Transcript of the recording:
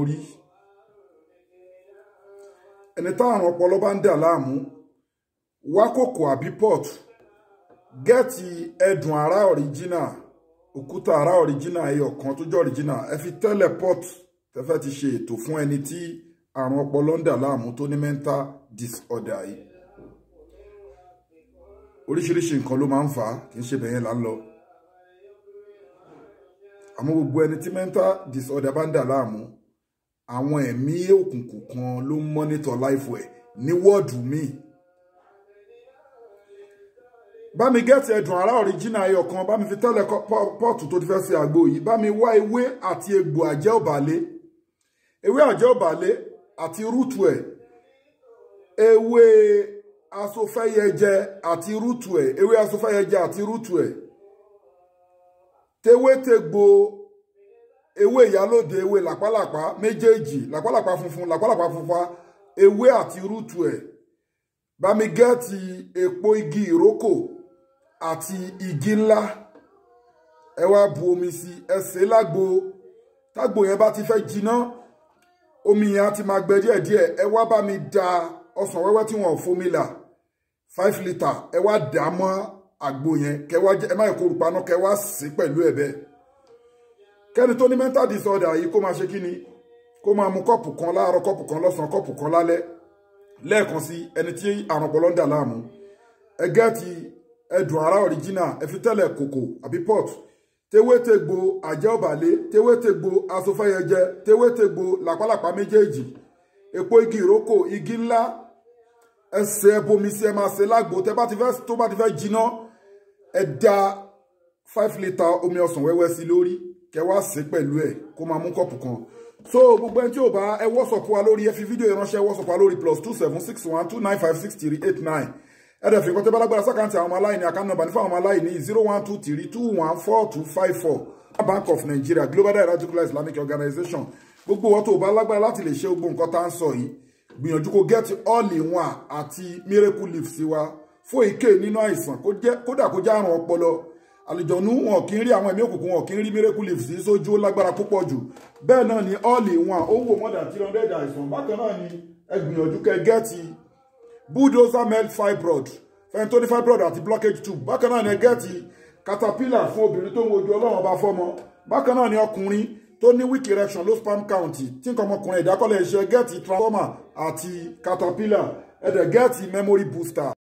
orí ẹni táàrùn ọpọlọ bá ń dà láàmú wá kòkò àbí pot gẹ́ẹ̀tì ẹ̀dùn ara ọ̀ríjínà òkúta ara ọ̀ríjínà ẹyọ kan tó jọ ọ̀ríjínà ẹ fi tẹ́lẹ̀ pot tẹ́fẹ́ ti ṣe ètò fún ẹni tí àrùn ọpọlọ ń dà láàmú tó ní mental disorder yìí oríṣiríṣi nǹkan ló máa ń fà á kì í ṣe bẹ̀yẹn là ń lọ àmọ́ gbogbo ẹni tí mental disorder bá ń dà láàmú àwọn ẹ̀mí òkùnkùn kan ló ń mọ́nítọ̀ láìfò ẹ̀ ní wọ́ọ̀dù míì bá mi gẹ́ẹ̀tì ẹ̀dùn ará ọ̀ríjìnà ayọ̀ kan bá mi fi tẹ́lẹ̀ pọ́ọ̀tù tó ti fẹ́ ṣe àgbo yìí bá mi wá ewé àti egbò àjẹ́ òbàlé ewé àjẹ́ òbàlé àti rúùtù ẹ̀ ewé asofẹ́yẹjẹ àti rúùtù ẹ̀ ewé asofẹ́yẹjẹ àti rúùtù ẹ̀ tewé ewé ìyálòde ewé làpálàpá méjèèjì làpálàpá funfun làpálàpá pupa ewé àti rútu ẹ̀ bá mi gẹ́ẹ̀tì èpo igi ìrókò àti igi ńlá ẹ wá bu omi sí ẹ sè é lágbo tágbo yẹn bá ti fẹ́ jiná omi yẹn á ti máa gbẹ díẹ̀díẹ̀ ẹ wá bá mi da ọsàn wẹ́wẹ́ tí wọ́n fomi là five litre ẹ wá dà á mọ́ àgbo yẹn kẹ wá jẹ ẹ má yẹ kó rúpa náà kẹ wá sè é pẹ̀lú ẹ̀ kẹ́ni tó ní mental disorder yìí kó máa ṣe kí ni kó máa mu kọ́ọ̀pù kan láàárọ̀ kọ́ọ̀pù kan lọ́sàn-án kọ́ọ̀pù kan lálẹ́ lẹ́ẹ̀kan sí ẹni tí àrùn ọpọlọ ń dà láàmú ẹ gẹ́ẹ̀tì ẹdùn ara original ẹ fi tẹ́lẹ̀ kòkò àbí pot tewétegbò àjẹ́ ọ̀bàlé tewétegbò asofẹ́yẹjẹ tewétegbò làpálàpá méjèèjì èpo igi ìrókò igi ńlá ẹsẹ̀ ẹbomi sí ẹ máa ṣe lágbo tẹ bá ti fẹ́ tó bá ti fẹ́ jiná ẹ five litre omi ọsàn wẹ́wẹ́ sí lórí kẹ wá sí pẹ̀lú ẹ̀ kó máa mú kọ́ọ̀pù kan so gbogbo ẹni tí ò bá ẹ wọ́sọ̀pù wa lórí ẹ fi fídíò ìránṣẹ́ wọ́sọ̀pù wa lórí plus two seven six one two nine five six three eight nine ẹ̀rẹ̀ fi kọ́tẹ́ bálágbára sákàǹtì àwọn ọmọ aláìní àkáǹtì nọ́mbà ní fún àwọn ọmọ aláìní zero one two three two one four two five four Bank of Nigeria Global Dahiratul Islamic Organization gbogbo wọn tó o bá lágbára láti lè ṣe gbogbo nǹkan tá à ń sọ yìí gbìyànjú kó get all in one àti miracle leaf sí wa fún èké nínú àìsàn kódà kó jẹ́ àrùn ọpọlọ àlùjọ̀nú wọn kì í rí àwọn ẹ̀mí òkùnkùn wọn kì í rí miracle leaves sójú lágbára púpọ̀ jù bẹ́ẹ̀ náà ni all in one ó wò mọ́dà three hundred àìsàn bákan náà ni ẹ gbìyànjú kẹ́ gẹ́ẹ̀tì bulldozer melt fibroid fẹ́ni tó ní fibroid àti blockage tube bákan náà ni gẹ́ẹ̀tì caterpillar fún obìnrin tó ń wojú ọlọ́run ọba fọ́mọ bákan náà ni ọkùnrin tó ní weak erection low sperm count tí nǹkan ọmọkùnrin ìdákọ́lẹ̀ iṣẹ́ gẹ́ẹ̀tì transformer àti caterpillar ẹ̀dẹ̀ gẹ́ẹ̀tì memory booster